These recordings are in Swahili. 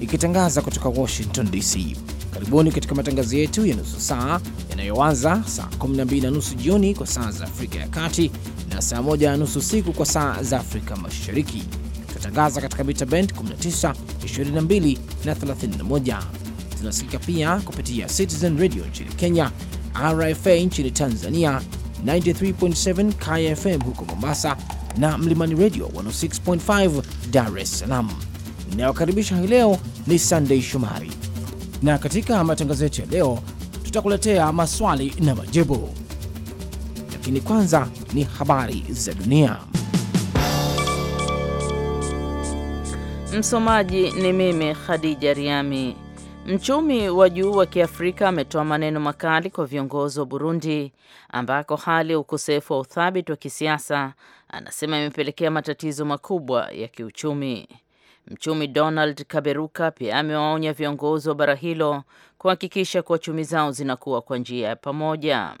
ikitangaza kutoka Washington DC. Karibuni katika matangazo yetu ya nusu saa yanayoanza saa 12 na nusu jioni kwa saa za Afrika ya Kati na saa 1 na nusu usiku kwa saa za Afrika Mashariki. Tunatangaza katika mita bend 19, 22 na 31. Tunasikika pia kupitia Citizen Radio nchini Kenya, RFA nchini Tanzania, 93.7 KFM huko Mombasa na Mlimani Radio 106.5 Dar es Salaam. Inayokaribisha hii leo ni Sandei Shumari, na katika matangazo yetu ya leo tutakuletea maswali na majibu, lakini kwanza ni habari za dunia. Msomaji ni mimi Khadija Riami. Mchumi wa juu wa Kiafrika ametoa maneno makali kwa viongozi wa Burundi ambako hali ya ukosefu wa uthabiti wa kisiasa anasema imepelekea matatizo makubwa ya kiuchumi. Mchumi Donald Kaberuka pia amewaonya viongozi wa bara hilo kuhakikisha kuwa chumi zao zinakuwa kwa njia ya pamoja.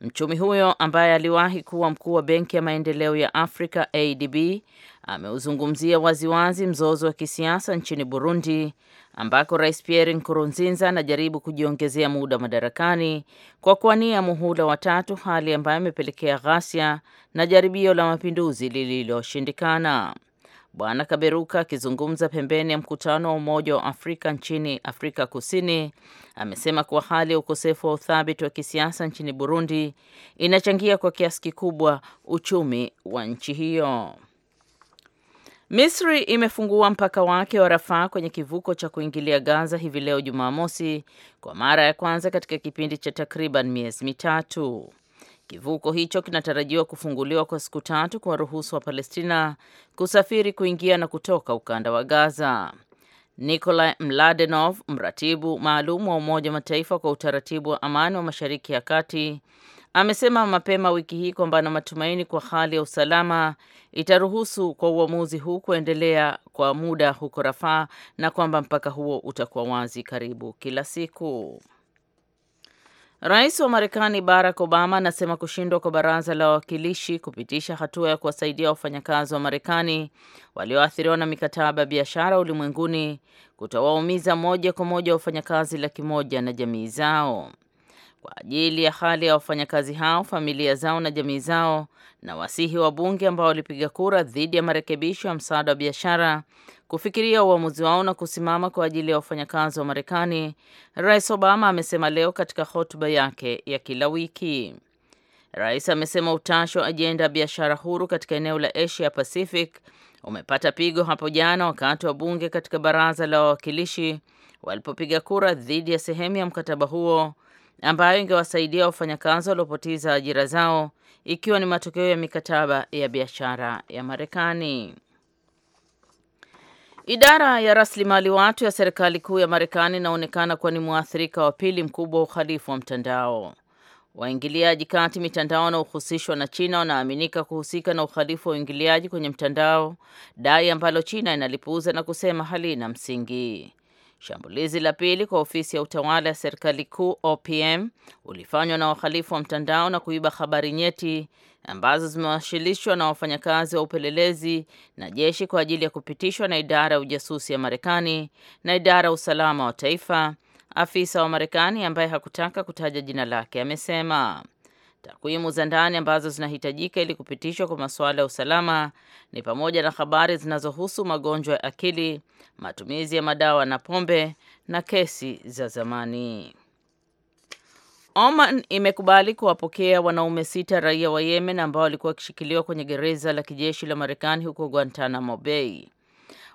Mchumi huyo ambaye aliwahi kuwa mkuu wa Benki ya Maendeleo ya Afrika ADB ameuzungumzia waziwazi mzozo wa kisiasa nchini Burundi ambako Rais Pierre Nkurunziza anajaribu kujiongezea muda madarakani kwa kuwania muhula wa tatu, hali ambayo imepelekea ghasia na jaribio la mapinduzi lililoshindikana. Bwana Kaberuka akizungumza pembeni ya mkutano wa Umoja wa Afrika nchini Afrika Kusini amesema kuwa hali ya ukosefu wa uthabiti wa kisiasa nchini Burundi inachangia kwa kiasi kikubwa uchumi wa nchi hiyo. Misri imefungua mpaka wake wa Rafaa kwenye kivuko cha kuingilia Gaza hivi leo Jumamosi kwa mara ya kwanza katika kipindi cha takriban miezi mitatu. Kivuko hicho kinatarajiwa kufunguliwa kwa siku tatu kuwaruhusu wa Palestina kusafiri kuingia na kutoka ukanda wa Gaza. Nikolai Mladenov, mratibu maalum wa Umoja wa Mataifa kwa utaratibu wa amani wa Mashariki ya Kati, amesema mapema wiki hii kwamba ana matumaini kwa hali ya usalama itaruhusu kwa uamuzi huu kuendelea kwa muda huko Rafaa na kwamba mpaka huo utakuwa wazi karibu kila siku. Rais wa Marekani Barack Obama anasema kushindwa kwa baraza la wawakilishi kupitisha hatua ya kuwasaidia wafanyakazi wa Marekani walioathiriwa na mikataba ya biashara ulimwenguni kutawaumiza moja kwa moja wafanyakazi laki moja na jamii zao kwa ajili ya hali ya wafanyakazi hao, familia zao na jamii zao, na wasihi wa bunge ambao walipiga kura dhidi ya marekebisho ya msaada wa biashara kufikiria uamuzi wao na kusimama kwa ajili ya wafanyakazi wa Marekani, Rais Obama amesema leo katika hotuba yake ya kila wiki. Rais amesema utashi wa ajenda ya biashara huru katika eneo la Asia Pacific umepata pigo hapo jana wakati wa bunge katika baraza la wawakilishi walipopiga kura dhidi ya sehemu ya mkataba huo ambayo ingewasaidia wafanyakazi waliopoteza ajira zao ikiwa ni matokeo ya mikataba ya biashara ya Marekani. Idara ya rasilimali watu ya serikali kuu ya Marekani inaonekana kuwa ni mwathirika wa pili mkubwa wa uhalifu wa mtandao. Waingiliaji kati mitandao wanaohusishwa na China wanaaminika kuhusika na uhalifu wa uingiliaji kwenye mtandao, dai ambalo China inalipuuza na kusema halina msingi. Shambulizi la pili kwa ofisi ya utawala ya serikali kuu OPM ulifanywa na wahalifu wa mtandao na kuiba habari nyeti ambazo zimewasilishwa na wafanyakazi wa upelelezi na jeshi kwa ajili ya kupitishwa na idara ya ujasusi ya Marekani na idara ya usalama wa taifa. Afisa wa Marekani ambaye hakutaka kutaja jina lake amesema Takwimu za ndani ambazo zinahitajika ili kupitishwa kwa masuala ya usalama ni pamoja na habari zinazohusu magonjwa ya akili, matumizi ya madawa na pombe na kesi za zamani. Oman imekubali kuwapokea wanaume sita raia wa Yemen ambao walikuwa wakishikiliwa kwenye gereza la kijeshi la Marekani huko Guantanamo Bay.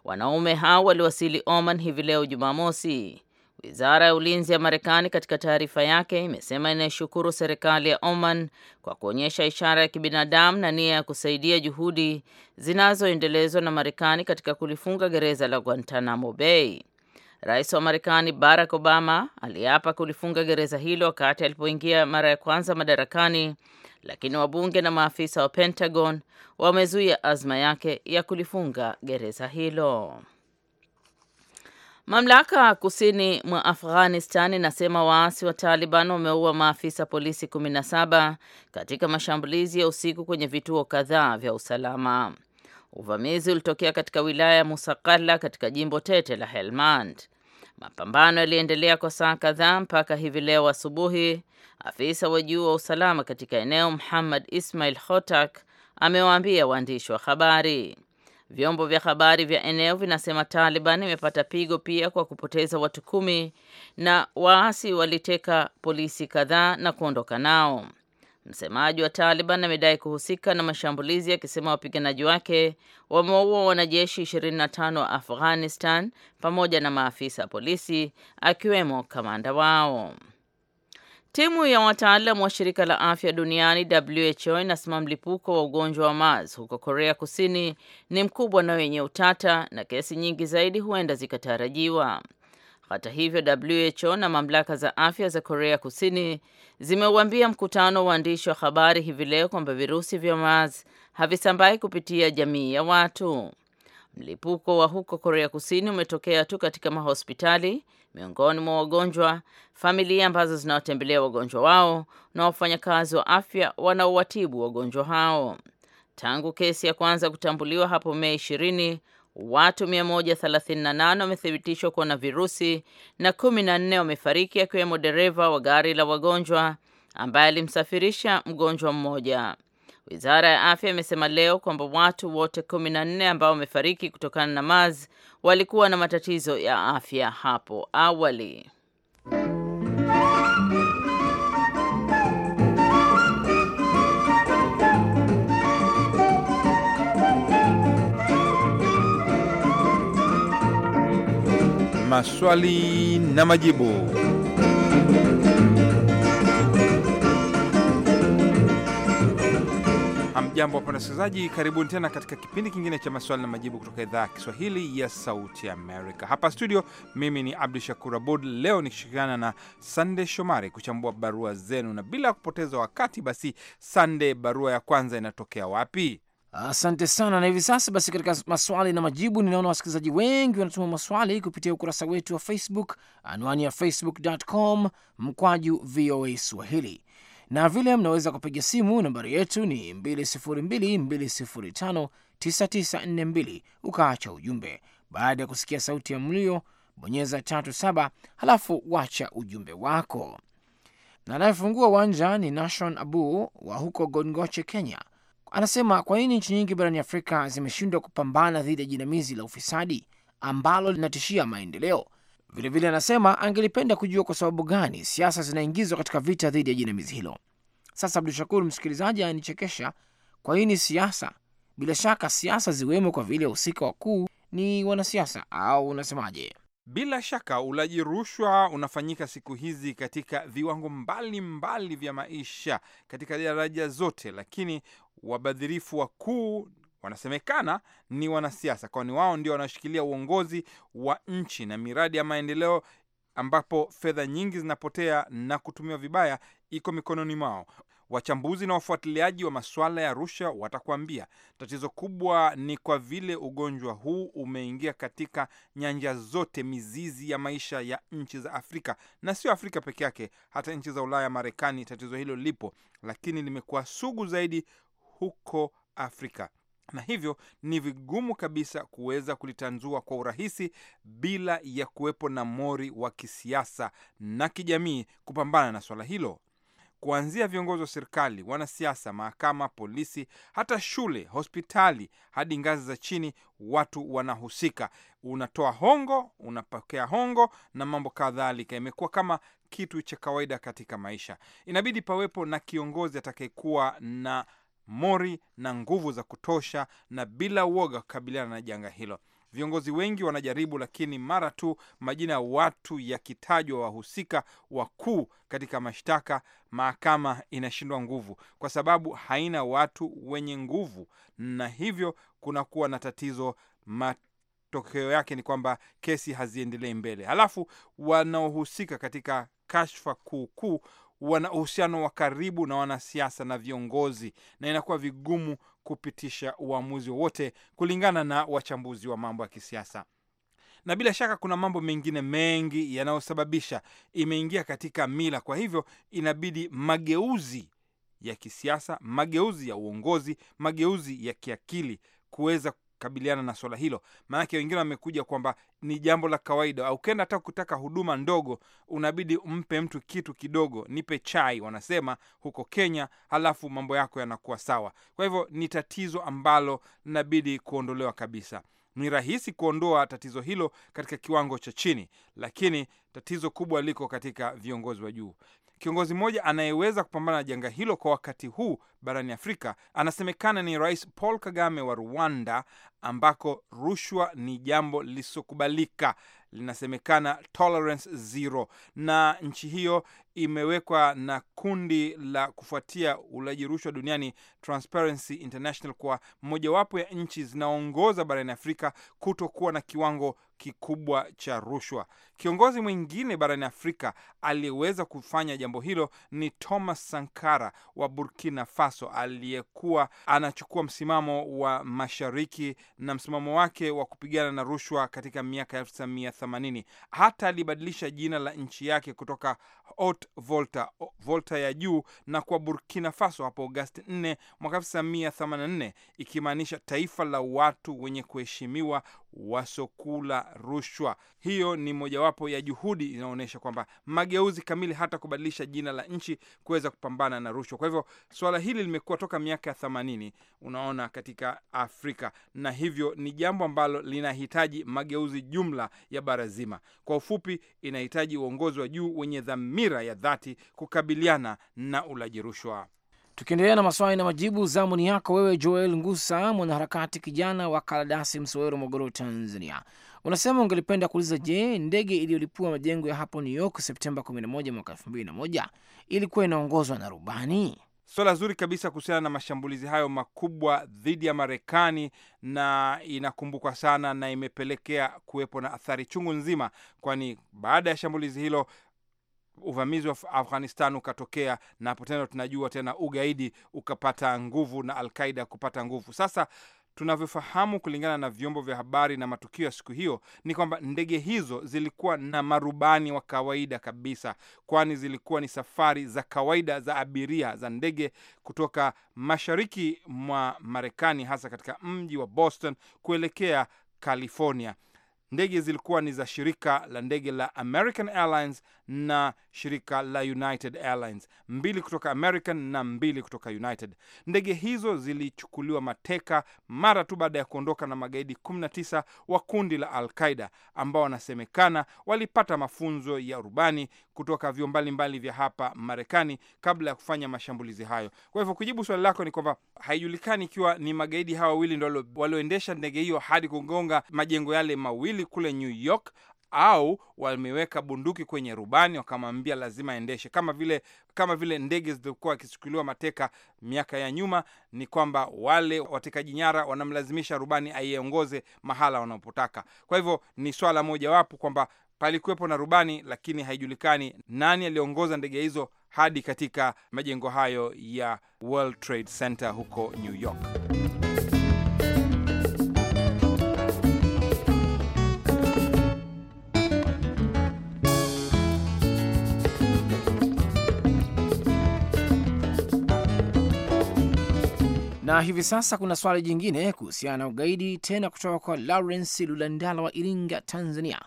Wanaume hao waliwasili Oman hivi leo Jumamosi. Wizara ya ulinzi ya Marekani katika taarifa yake imesema inaishukuru serikali ya Oman kwa kuonyesha ishara ya kibinadamu na nia ya kusaidia juhudi zinazoendelezwa na Marekani katika kulifunga gereza la Guantanamo Bay. Rais wa Marekani Barack Obama aliapa kulifunga gereza hilo wakati alipoingia mara ya kwanza madarakani, lakini wabunge na maafisa wa Pentagon wamezuia azma yake ya kulifunga gereza hilo. Mamlaka kusini mwa Afghanistan inasema waasi wa Taliban wameua maafisa polisi 17 katika mashambulizi ya usiku kwenye vituo kadhaa vya usalama. Uvamizi ulitokea katika wilaya ya Musakala katika jimbo tete la Helmand. Mapambano yaliendelea kwa saa kadhaa mpaka hivi leo asubuhi. Afisa wa juu wa usalama katika eneo Muhammad Ismail Hotak amewaambia waandishi wa habari. Vyombo vya habari vya eneo vinasema Taliban imepata pigo pia kwa kupoteza watu kumi na waasi waliteka polisi kadhaa na kuondoka nao. Msemaji wa Taliban amedai kuhusika na mashambulizi akisema wapiganaji wake wamewaua wanajeshi 25 wa Afghanistan pamoja na maafisa polisi akiwemo kamanda wao. Timu ya wataalam wa shirika la afya duniani WHO inasema mlipuko wa ugonjwa wa MERS huko Korea Kusini ni mkubwa na wenye utata na kesi nyingi zaidi huenda zikatarajiwa. Hata hivyo, WHO na mamlaka za afya za Korea Kusini zimeuambia mkutano wa waandishi wa habari hivi leo kwamba virusi vya MERS havisambai kupitia jamii ya watu. Mlipuko wa huko Korea Kusini umetokea tu katika mahospitali Miongoni mwa wagonjwa, familia ambazo zinawatembelea wagonjwa wao na wafanyakazi wa afya wanaowatibu wagonjwa hao. Tangu kesi ya kwanza kutambuliwa hapo Mei ishirini, watu 138 wamethibitishwa kuwa na virusi na 14 wamefariki, akiwemo dereva wa gari la wagonjwa ambaye alimsafirisha mgonjwa mmoja. Wizara ya afya imesema leo kwamba watu wote kumi na nne ambao wamefariki kutokana na mazi walikuwa na matatizo ya afya hapo awali. Maswali na majibu. Hamjambo, wapenda wasikilizaji, karibuni tena katika kipindi kingine cha maswali na majibu kutoka idhaa ya Kiswahili ya Sauti Amerika. Hapa studio, mimi ni Abdu Shakur Abud, leo nikishirikiana na Sande Shomari kuchambua barua zenu, na bila kupoteza wakati, basi Sande, barua ya kwanza inatokea wapi? Asante sana. Na hivi sasa basi, katika maswali na majibu, ninaona wasikilizaji wengi wanatuma maswali kupitia ukurasa wetu wa Facebook, anwani ya facebook.com mkwaju VOA Swahili na vile mnaweza kupiga simu, nambari yetu ni 2022059942 ukaacha ujumbe. Baada ya kusikia sauti ya mlio, bonyeza tatu saba, halafu wacha ujumbe wako. Na anayefungua uwanja ni Nashon Abu wa huko Gongoche, Kenya. Anasema, kwa nini nchi nyingi barani Afrika zimeshindwa kupambana dhidi ya jinamizi la ufisadi ambalo linatishia maendeleo Vilevile anasema angelipenda kujua kwa sababu gani siasa zinaingizwa katika vita dhidi ya jinamizi hilo. Sasa Abdu Shakur, msikilizaji anichekesha, kwa nini siasa? Bila shaka siasa ziwemo, kwa vile wahusika wakuu ni wanasiasa, au unasemaje? Bila shaka ulaji rushwa unafanyika siku hizi katika viwango mbalimbali mbali vya maisha, katika daraja zote, lakini wabadhirifu wakuu Wanasemekana ni wanasiasa, kwani wao ndio wanaoshikilia uongozi wa nchi na miradi ya maendeleo, ambapo fedha nyingi zinapotea na kutumiwa vibaya, iko mikononi mwao. Wachambuzi na wafuatiliaji wa masuala ya rushwa watakuambia tatizo kubwa ni kwa vile ugonjwa huu umeingia katika nyanja zote, mizizi ya maisha ya nchi za Afrika, na sio Afrika peke yake, hata nchi za Ulaya, Marekani, tatizo hilo lipo, lakini limekuwa sugu zaidi huko Afrika na hivyo ni vigumu kabisa kuweza kulitanzua kwa urahisi bila ya kuwepo na mori wa kisiasa na kijamii kupambana na swala hilo, kuanzia viongozi wa serikali, wanasiasa, mahakama, polisi, hata shule, hospitali hadi ngazi za chini. Watu wanahusika, unatoa hongo, unapokea hongo na mambo kadhalika. Imekuwa kama kitu cha kawaida katika maisha. Inabidi pawepo na kiongozi atakayekuwa na mori na nguvu za kutosha na bila uoga kukabiliana na janga hilo. Viongozi wengi wanajaribu, lakini mara tu majina ya watu yakitajwa wahusika wakuu katika mashtaka, mahakama inashindwa nguvu, kwa sababu haina watu wenye nguvu, na hivyo kunakuwa na tatizo. Matokeo yake ni kwamba kesi haziendelei mbele, halafu wanaohusika katika kashfa kuukuu kuu wana uhusiano wa karibu na wanasiasa na viongozi, na inakuwa vigumu kupitisha uamuzi wowote kulingana na wachambuzi wa mambo ya kisiasa na bila shaka kuna mambo mengine mengi yanayosababisha imeingia katika mila. Kwa hivyo inabidi mageuzi ya kisiasa, mageuzi ya uongozi, mageuzi ya kiakili kuweza kabiliana na swala hilo, maanake wengine wamekuja kwamba ni jambo la kawaida. Ah, Ukenda hata kutaka huduma ndogo, unabidi umpe mtu kitu kidogo, nipe chai, wanasema huko Kenya, halafu mambo yako yanakuwa sawa. Kwa hivyo ni tatizo ambalo linabidi kuondolewa kabisa. Ni rahisi kuondoa tatizo hilo katika kiwango cha chini, lakini tatizo kubwa liko katika viongozi wa juu. Kiongozi mmoja anayeweza kupambana na janga hilo kwa wakati huu barani Afrika anasemekana ni Rais Paul Kagame wa Rwanda, ambako rushwa ni jambo lisokubalika, linasemekana tolerance zero, na nchi hiyo imewekwa na kundi la kufuatia ulaji rushwa duniani Transparency International kwa mojawapo ya nchi zinaongoza barani Afrika kutokuwa na kiwango kikubwa cha rushwa. Kiongozi mwingine barani Afrika aliyeweza kufanya jambo hilo ni Thomas Sankara wa Burkina Faso, aliyekuwa anachukua msimamo wa mashariki na msimamo wake wa kupigana na rushwa katika miaka 1980. Hata alibadilisha jina la nchi yake kutoka Haute Volta, Volta ya juu na kwa Burkina Faso hapo Agosti 4 mwaka 1984, ikimaanisha taifa la watu wenye kuheshimiwa wasokula rushwa. Hiyo ni mojawapo ya juhudi inaonyesha kwamba mageuzi kamili, hata kubadilisha jina la nchi kuweza kupambana na rushwa. Kwa hivyo suala hili limekuwa toka miaka ya themanini, unaona, katika Afrika, na hivyo ni jambo ambalo linahitaji mageuzi jumla ya bara zima. Kwa ufupi, inahitaji uongozi wa juu wenye dhamira ya dhati kukabiliana na ulaji rushwa. Tukiendelea na maswali na majibu, zamuni yako wewe Joel Ngusa, mwanaharakati kijana wa Kaladasi, Msowero, Morogoro, Tanzania. Unasema ungelipenda kuuliza, je, ndege iliyolipua majengo ya hapo New York Septemba 11 mwaka 2001 ilikuwa inaongozwa na rubani? Swala zuri kabisa kuhusiana na mashambulizi hayo makubwa dhidi ya Marekani, na inakumbukwa sana na imepelekea kuwepo na athari chungu nzima, kwani baada ya shambulizi hilo uvamizi wa Afghanistan ukatokea, na hapo tena tunajua tena ugaidi ukapata nguvu na Alqaida kupata nguvu. Sasa tunavyofahamu kulingana na vyombo vya habari na matukio ya siku hiyo ni kwamba ndege hizo zilikuwa na marubani wa kawaida kabisa, kwani zilikuwa ni safari za kawaida za abiria za ndege kutoka mashariki mwa Marekani, hasa katika mji wa Boston kuelekea California. Ndege zilikuwa ni za shirika la ndege la American Airlines na shirika la United Airlines, mbili kutoka American na mbili kutoka United. Ndege hizo zilichukuliwa mateka mara tu baada ya kuondoka na magaidi 19 wa kundi la Al Qaida ambao wanasemekana walipata mafunzo ya urubani kutoka vyuo mbalimbali vya hapa Marekani kabla ya kufanya mashambulizi hayo. Kwa hivyo kujibu swali lako ni kwamba haijulikani ikiwa ni magaidi hawa wawili ndo walioendesha ndege hiyo hadi kugonga majengo yale mawili kule New York au wameweka bunduki kwenye rubani wakamwambia lazima aendeshe, kama vile kama vile ndege zilizokuwa wakichukuliwa mateka miaka ya nyuma. Ni kwamba wale watekaji nyara wanamlazimisha rubani aiongoze mahala wanapotaka. Kwa hivyo ni swala mojawapo kwamba palikuwepo na rubani, lakini haijulikani nani aliongoza ndege hizo hadi katika majengo hayo ya World Trade Center huko New York. Na hivi sasa kuna swali jingine kuhusiana na ugaidi tena kutoka kwa Lawrence Lulandala wa Iringa, Tanzania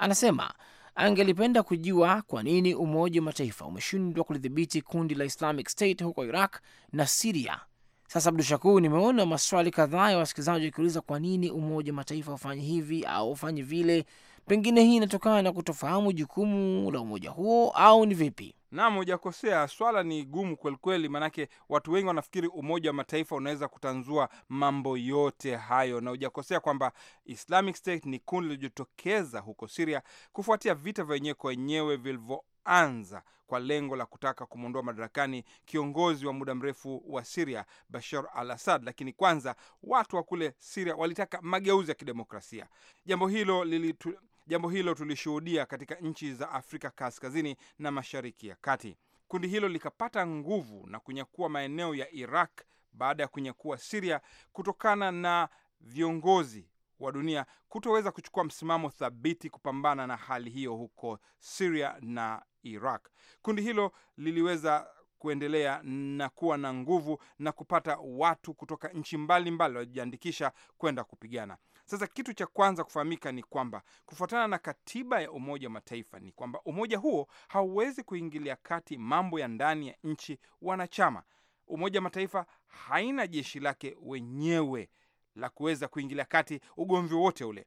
Anasema angelipenda kujua kwa nini Umoja wa Mataifa umeshindwa kulidhibiti kundi la Islamic State huko Iraq na Siria. Sasa Abdu Shakur, nimeona maswali kadhaa ya wasikilizaji wakiuliza kwa nini Umoja wa Mataifa ufanyi hivi au ufanye vile. Pengine hii inatokana na kutofahamu jukumu la umoja huo au ni vipi? Naam, hujakosea. Swala ni gumu kwelikweli, maanake watu wengi wanafikiri Umoja wa Mataifa unaweza kutanzua mambo yote hayo, na hujakosea kwamba Islamic State ni kundi lilojitokeza huko Siria kufuatia vita vya wenyewe kwa wenyewe vilivyoanza kwa lengo la kutaka kumwondoa madarakani kiongozi wa muda mrefu wa Siria Bashar al Assad. Lakini kwanza watu wa kule Siria walitaka mageuzi ya kidemokrasia. Jambo hilo lilitu Jambo hilo tulishuhudia katika nchi za Afrika kaskazini na mashariki ya kati. Kundi hilo likapata nguvu na kunyakua maeneo ya Iraq baada ya kunyakua Siria kutokana na viongozi wa dunia kutoweza kuchukua msimamo thabiti kupambana na hali hiyo huko Siria na Iraq. Kundi hilo liliweza kuendelea na kuwa na nguvu na kupata watu kutoka nchi mbalimbali wajiandikisha kwenda kupigana. Sasa kitu cha kwanza kufahamika ni kwamba kufuatana na katiba ya Umoja wa Mataifa ni kwamba umoja huo hauwezi kuingilia kati mambo ya ndani ya nchi wanachama. Umoja wa Mataifa haina jeshi lake wenyewe la kuweza kuingilia kati ugomvi wote ule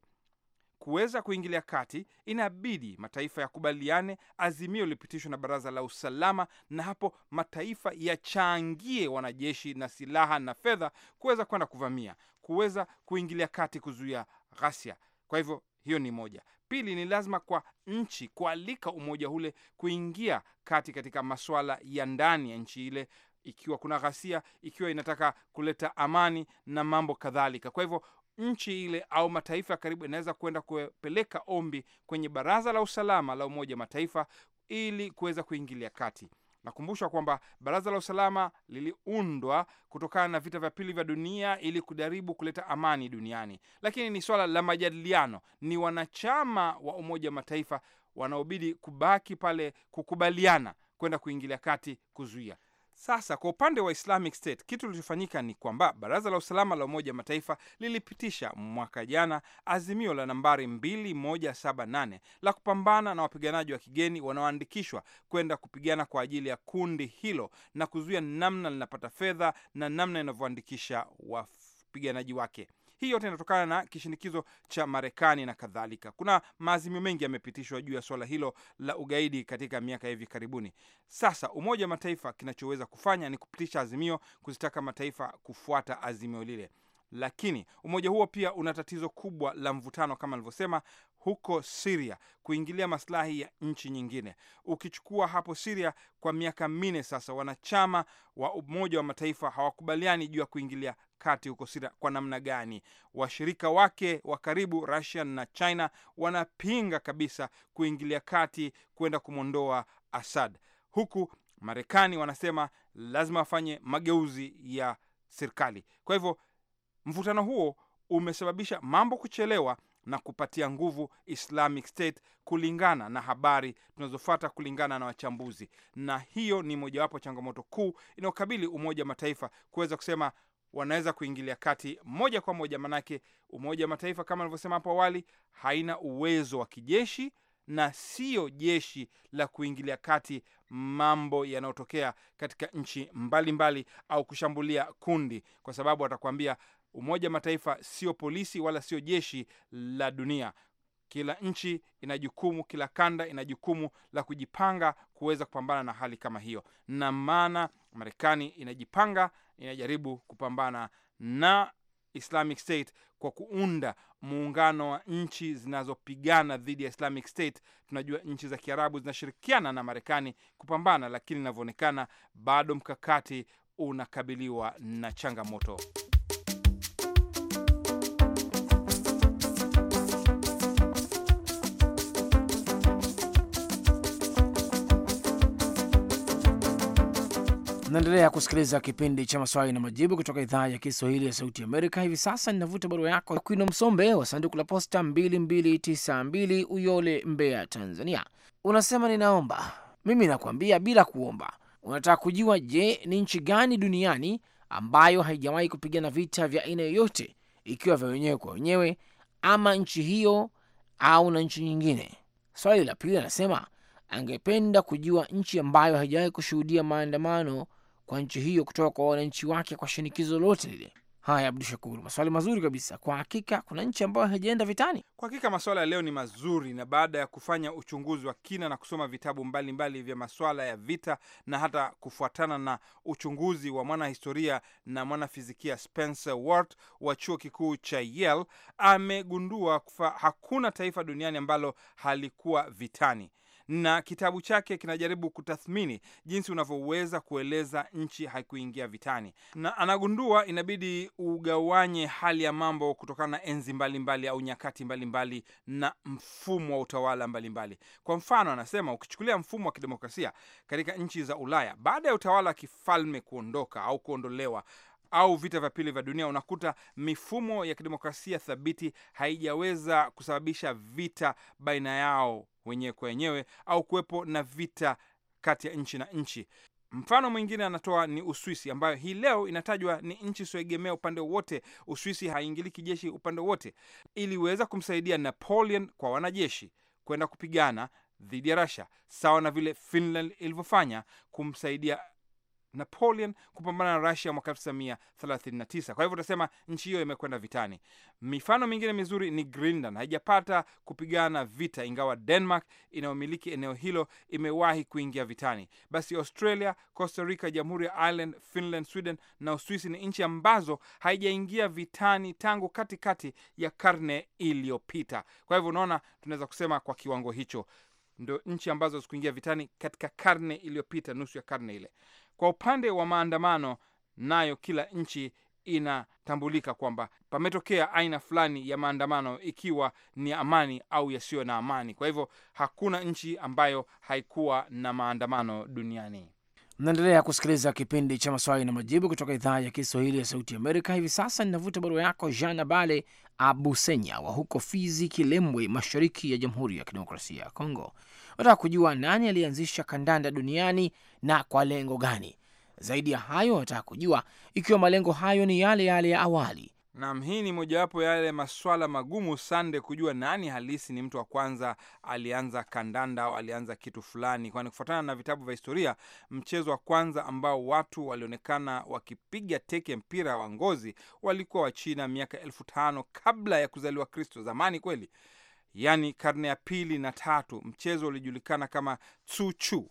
kuweza kuingilia kati, inabidi mataifa yakubaliane azimio lilipitishwa na Baraza la Usalama, na hapo mataifa yachangie wanajeshi na silaha na fedha kuweza kwenda kuvamia, kuweza kuingilia kati, kuzuia ghasia. Kwa hivyo hiyo ni moja. Pili, ni lazima kwa nchi kualika umoja ule kuingia kati katika masuala ya ndani ya nchi ile, ikiwa kuna ghasia, ikiwa inataka kuleta amani na mambo kadhalika. Kwa hivyo nchi ile au mataifa ya karibu inaweza kwenda kupeleka ombi kwenye Baraza la Usalama la Umoja Mataifa ili kuweza kuingilia kati. Nakumbushwa kwamba Baraza la Usalama liliundwa kutokana na vita vya pili vya dunia ili kujaribu kuleta amani duniani, lakini ni swala la majadiliano. Ni wanachama wa Umoja wa Mataifa wanaobidi kubaki pale, kukubaliana kwenda kuingilia kati, kuzuia sasa kwa upande wa Islamic State kitu kilichofanyika ni kwamba baraza la usalama la Umoja Mataifa lilipitisha mwaka jana azimio la nambari 2178 la kupambana na wapiganaji wa kigeni wanaoandikishwa kwenda kupigana kwa ajili ya kundi hilo na kuzuia namna linapata fedha na namna inavyoandikisha wapiganaji wake. Hii yote inatokana na kishinikizo cha Marekani na kadhalika. Kuna maazimio mengi yamepitishwa juu ya swala hilo la ugaidi katika miaka hivi karibuni. Sasa Umoja wa Mataifa kinachoweza kufanya ni kupitisha azimio kuzitaka mataifa kufuata azimio lile, lakini umoja huo pia una tatizo kubwa la mvutano kama alivyosema huko Siria kuingilia maslahi ya nchi nyingine. Ukichukua hapo Siria, kwa miaka minne sasa wanachama wa Umoja wa Mataifa hawakubaliani juu ya kuingilia kati huko Siria kwa namna gani. Washirika wake wa karibu Rusia na China wanapinga kabisa kuingilia kati kwenda kumwondoa Assad, huku Marekani wanasema lazima wafanye mageuzi ya serikali. Kwa hivyo mvutano huo umesababisha mambo kuchelewa na kupatia nguvu Islamic State kulingana na habari tunazofata kulingana na wachambuzi. Na hiyo ni mojawapo changamoto kuu inayokabili Umoja wa Mataifa kuweza kusema wanaweza kuingilia kati moja kwa moja, manake Umoja wa Mataifa kama alivyosema hapo awali haina uwezo wa kijeshi na siyo jeshi la kuingilia kati mambo yanayotokea katika nchi mbalimbali au kushambulia kundi, kwa sababu watakuambia Umoja wa Mataifa sio polisi wala sio jeshi la dunia. Kila nchi ina jukumu, kila kanda ina jukumu la kujipanga kuweza kupambana na hali kama hiyo, na maana Marekani inajipanga, inajaribu kupambana na Islamic State kwa kuunda muungano wa nchi zinazopigana dhidi ya Islamic State. Tunajua nchi za Kiarabu zinashirikiana na Marekani kupambana, lakini inavyoonekana bado mkakati unakabiliwa na changamoto. Tunaendelea kusikiliza kipindi cha maswali na majibu kutoka idhaa ya Kiswahili ya Sauti Amerika. Hivi sasa ninavuta barua yako Kwino Msombe wa sanduku la posta 2292 Uyole, Mbeya, Tanzania. Unasema, ninaomba mimi nakuambia bila kuomba, unataka kujua, je, ni nchi gani duniani ambayo haijawahi kupigana vita vya aina yoyote, ikiwa vya wenyewe kwa wenyewe, ama nchi hiyo au na nchi nyingine? Swali la pili anasema angependa kujua nchi ambayo haijawahi kushuhudia maandamano kwa nchi hiyo kutoka kwa wananchi wake kwa shinikizo lolote lile. Haya, Abdu Shakur, maswali mazuri kabisa. Kwa hakika kuna nchi ambayo haijaenda vitani. Kwa hakika maswala ya leo ni mazuri, na baada ya kufanya uchunguzi wa kina na kusoma vitabu mbalimbali mbali vya maswala ya vita na hata kufuatana na uchunguzi wa mwanahistoria na mwanafizikia Spencer Wart wa chuo kikuu cha Yale, amegundua kufa hakuna taifa duniani ambalo halikuwa vitani na kitabu chake kinajaribu kutathmini jinsi unavyoweza kueleza nchi haikuingia vitani, na anagundua inabidi ugawanye hali ya mambo kutokana na enzi mbalimbali au nyakati mbalimbali na mfumo wa utawala mbalimbali mbali. Kwa mfano, anasema ukichukulia mfumo wa kidemokrasia katika nchi za Ulaya baada ya utawala wa kifalme kuondoka au kuondolewa au vita vya pili vya dunia, unakuta mifumo ya kidemokrasia thabiti haijaweza kusababisha vita baina yao wenyewe kwa wenyewe au kuwepo na vita kati ya nchi na nchi. Mfano mwingine anatoa ni Uswisi ambayo hii leo inatajwa ni nchi isiyoegemea upande wowote. Uswisi haiingiliki jeshi upande wowote, iliweza kumsaidia Napoleon kwa wanajeshi kwenda kupigana dhidi ya Russia, sawa na vile Finland ilivyofanya kumsaidia Napoleon kupambana na Russia mwaka 1939. Kwa hivyo utasema nchi hiyo imekwenda vitani. Mifano mingine mizuri ni Greenland, haijapata kupigana vita, ingawa Denmark inayomiliki eneo hilo imewahi kuingia vitani. Basi Australia, Costa Rica, Jamhuri ya Ireland, Finland, Sweden na Uswisi ni nchi ambazo haijaingia vitani tangu katikati kati ya karne iliyopita. Kwa hivyo unaona, tunaweza kusema kwa kiwango hicho ndo nchi ambazo zikuingia vitani katika karne iliyopita, nusu ya karne ile. Kwa upande wa maandamano, nayo kila nchi inatambulika kwamba pametokea aina fulani ya maandamano, ikiwa ni amani au yasiyo na amani. Kwa hivyo hakuna nchi ambayo haikuwa na maandamano duniani. Mnaendelea kusikiliza kipindi cha maswali na majibu kutoka idhaa ya Kiswahili ya Sauti Amerika. Hivi sasa ninavuta barua yako Jean Abale Abusenya wa huko Fizi, Kilembwe, mashariki ya Jamhuri ya Kidemokrasia ya Kongo wanataka kujua nani alianzisha kandanda duniani na kwa lengo gani. Zaidi ya hayo, wanataka kujua ikiwa malengo hayo ni yale yale ya awali. nam hii ni mojawapo ya yale maswala magumu sande, kujua nani halisi ni mtu wa kwanza alianza kandanda au alianza kitu fulani, kwani kufuatana na vitabu vya historia, mchezo wa kwanza ambao watu walionekana wakipiga teke mpira wa ngozi walikuwa Wachina miaka elfu tano kabla ya kuzaliwa Kristo. Zamani kweli yani karne ya pili na tatu. Mchezo ulijulikana kama tsuchu.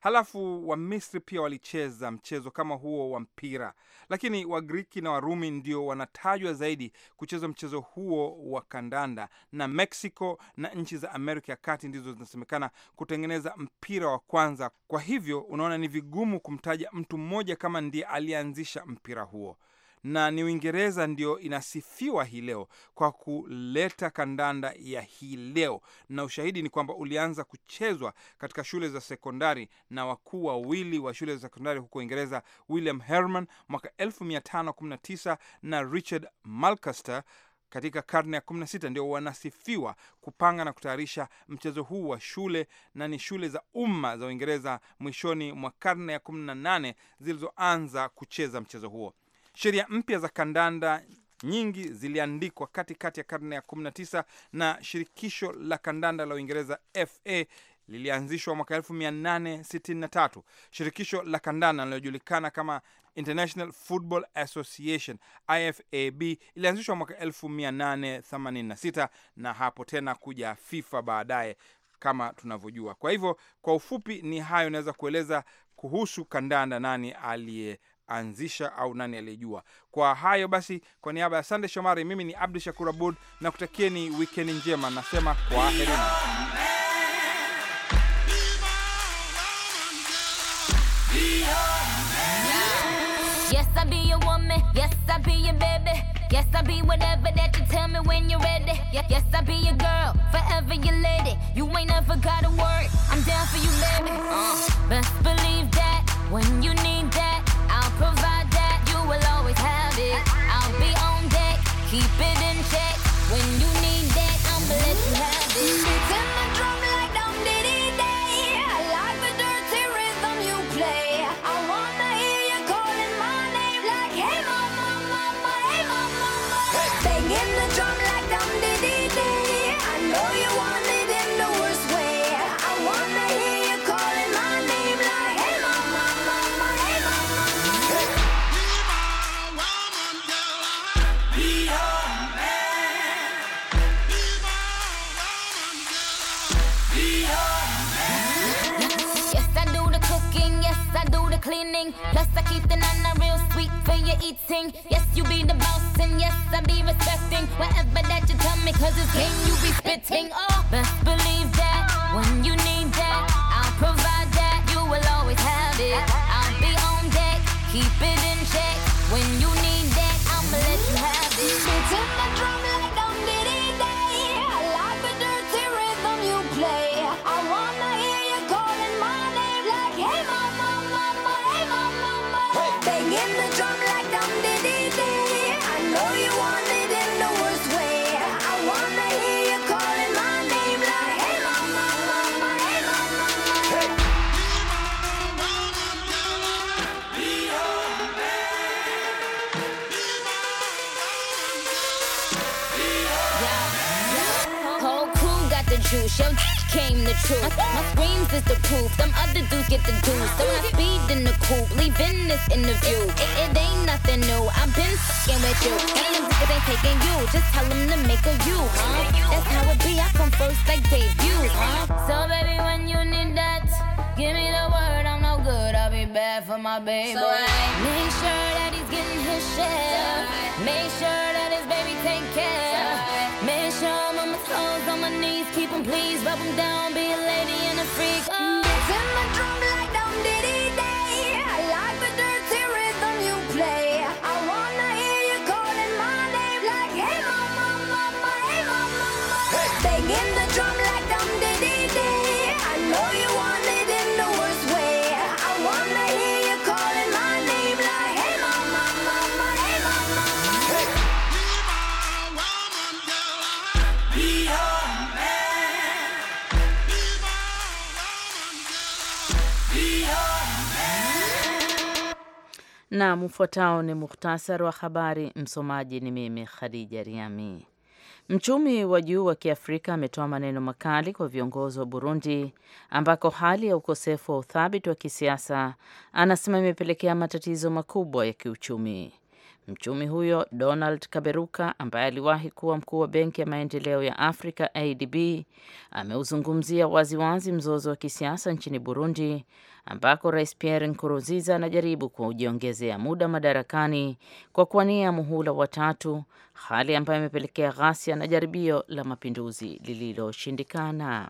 Halafu Wamisri pia walicheza mchezo kama huo wa mpira, lakini wagriki na Warumi ndio wanatajwa zaidi kucheza mchezo huo wa kandanda, na Mexico na nchi za Amerika ya Kati ndizo zinasemekana kutengeneza mpira wa kwanza. Kwa hivyo unaona, ni vigumu kumtaja mtu mmoja kama ndiye alianzisha mpira huo na ni Uingereza ndio inasifiwa hii leo kwa kuleta kandanda ya hii leo, na ushahidi ni kwamba ulianza kuchezwa katika shule za sekondari na wakuu wawili wa shule za sekondari huko Uingereza, William Herman mwaka 1519 na Richard Malcaster katika karne ya 16 ndio wanasifiwa kupanga na kutayarisha mchezo huu wa shule, na ni shule za umma za Uingereza mwishoni mwa karne ya 18 zilizoanza kucheza mchezo huo. Sheria mpya za kandanda nyingi ziliandikwa katikati ya karne ya 19 na shirikisho la kandanda la Uingereza FA lilianzishwa mwaka 1863. Shirikisho la kandanda linalojulikana kama International Football Association IFAB ilianzishwa mwaka 1886 na hapo tena kuja FIFA baadaye kama tunavyojua. Kwa hivyo, kwa ufupi ni hayo inaweza kueleza kuhusu kandanda, nani aliye anzisha au nani aliyejua. Kwa hayo basi, kwa niaba ya Sande Shomari, mimi ni Abdu Shakur Abud na kutakieni wikendi njema, nasema kwa hereni. Yes, I'll be whatever that you tell me when you're ready. yes I'll be your girl, forever your lady. You ain't never gotta worry. I'm down for you, baby. Uh, best believe that when you need that. you will always have it. I'll be on deck, keep it in check. When you need that, I'ma let you have it. something and a real sweet for your eating. Yes, you be the boss, and yes, I be respecting whatever that you tell me, cause it's game you be spitting. Oh, best believe that when you need that, I'll provide that. You will always have it. I'll be on deck, keep it in check when you proof. My, screams is the proof. Some other dudes get the juice. So I speed in the coupe, leaving this interview. It, it ain't nothing new. I've been fucking with you. And them niggas ain't taking you. Just tell them to make a you, huh? That's how it be. I come first like debut, huh? So baby, when you need that, give me the word. I'm no good. I'll be bad for my baby. So I make sure that he's getting his share. Make sure that his baby take care keep them please, rub them down, be a lady and a freak. Oh. Na mfuatao ni muhtasari wa habari. Msomaji ni mimi Khadija Riami. Mchumi wa juu wa Kiafrika ametoa maneno makali kwa viongozi wa Burundi ambako hali ya ukosefu wa uthabiti wa kisiasa anasema imepelekea matatizo makubwa ya kiuchumi. Mchumi huyo Donald Kaberuka ambaye aliwahi kuwa mkuu wa Benki ya Maendeleo ya Afrika ADB ameuzungumzia waziwazi mzozo wa kisiasa nchini Burundi ambako Rais Pierre Nkurunziza anajaribu kujiongezea muda madarakani kwa kuwania muhula wa tatu, hali ambayo imepelekea ghasia na jaribio la mapinduzi lililoshindikana.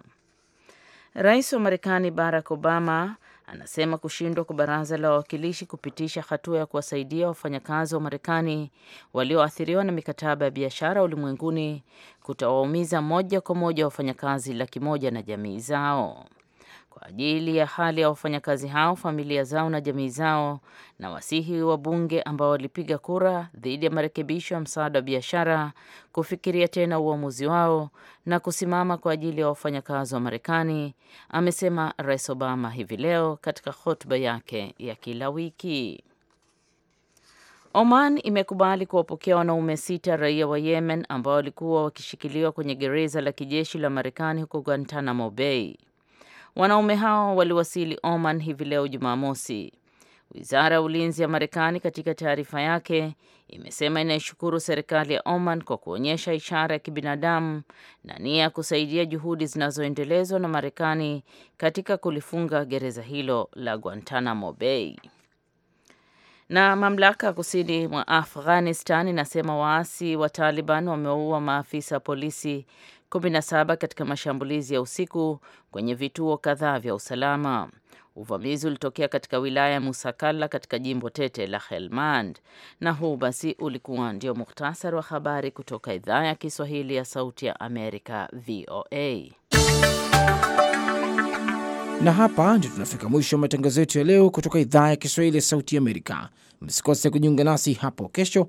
Rais wa Marekani Barack Obama anasema kushindwa kwa baraza la wawakilishi kupitisha hatua ya kuwasaidia wafanyakazi wa Marekani walioathiriwa na mikataba ya biashara ulimwenguni kutawaumiza moja kwa moja wafanyakazi laki moja na jamii zao kwa ajili ya hali ya wafanyakazi hao, familia zao na jamii zao, na wasihi wa bunge ambao walipiga kura dhidi ya marekebisho ya msaada wa biashara kufikiria tena uamuzi wao na kusimama kwa ajili ya wafanyakazi wa Marekani, amesema Rais Obama hivi leo katika hotuba yake ya kila wiki. Oman imekubali kuwapokea wanaume sita raia wa Yemen ambao walikuwa wakishikiliwa kwenye gereza la kijeshi la Marekani huko Guantanamo Bay. Wanaume hao waliwasili Oman hivi leo Jumamosi. Wizara ya ulinzi ya Marekani katika taarifa yake imesema inaishukuru serikali ya Oman kwa kuonyesha ishara ya kibinadamu na nia ya kusaidia juhudi zinazoendelezwa na Marekani katika kulifunga gereza hilo la Guantanamo Bay. Na mamlaka kusini mwa Afghanistan inasema waasi wa Taliban wamewaua maafisa polisi 17 katika mashambulizi ya usiku kwenye vituo kadhaa vya usalama. Uvamizi ulitokea katika wilaya ya Musakala katika jimbo tete la Helmand. Na huu basi ulikuwa ndio muhtasari wa habari kutoka idhaa ya Kiswahili ya Sauti ya Amerika, VOA. Na hapa ndio tunafika mwisho wa matangazo yetu ya leo kutoka idhaa ya Kiswahili ya Sauti ya Amerika. Msikose kujiunga nasi hapo kesho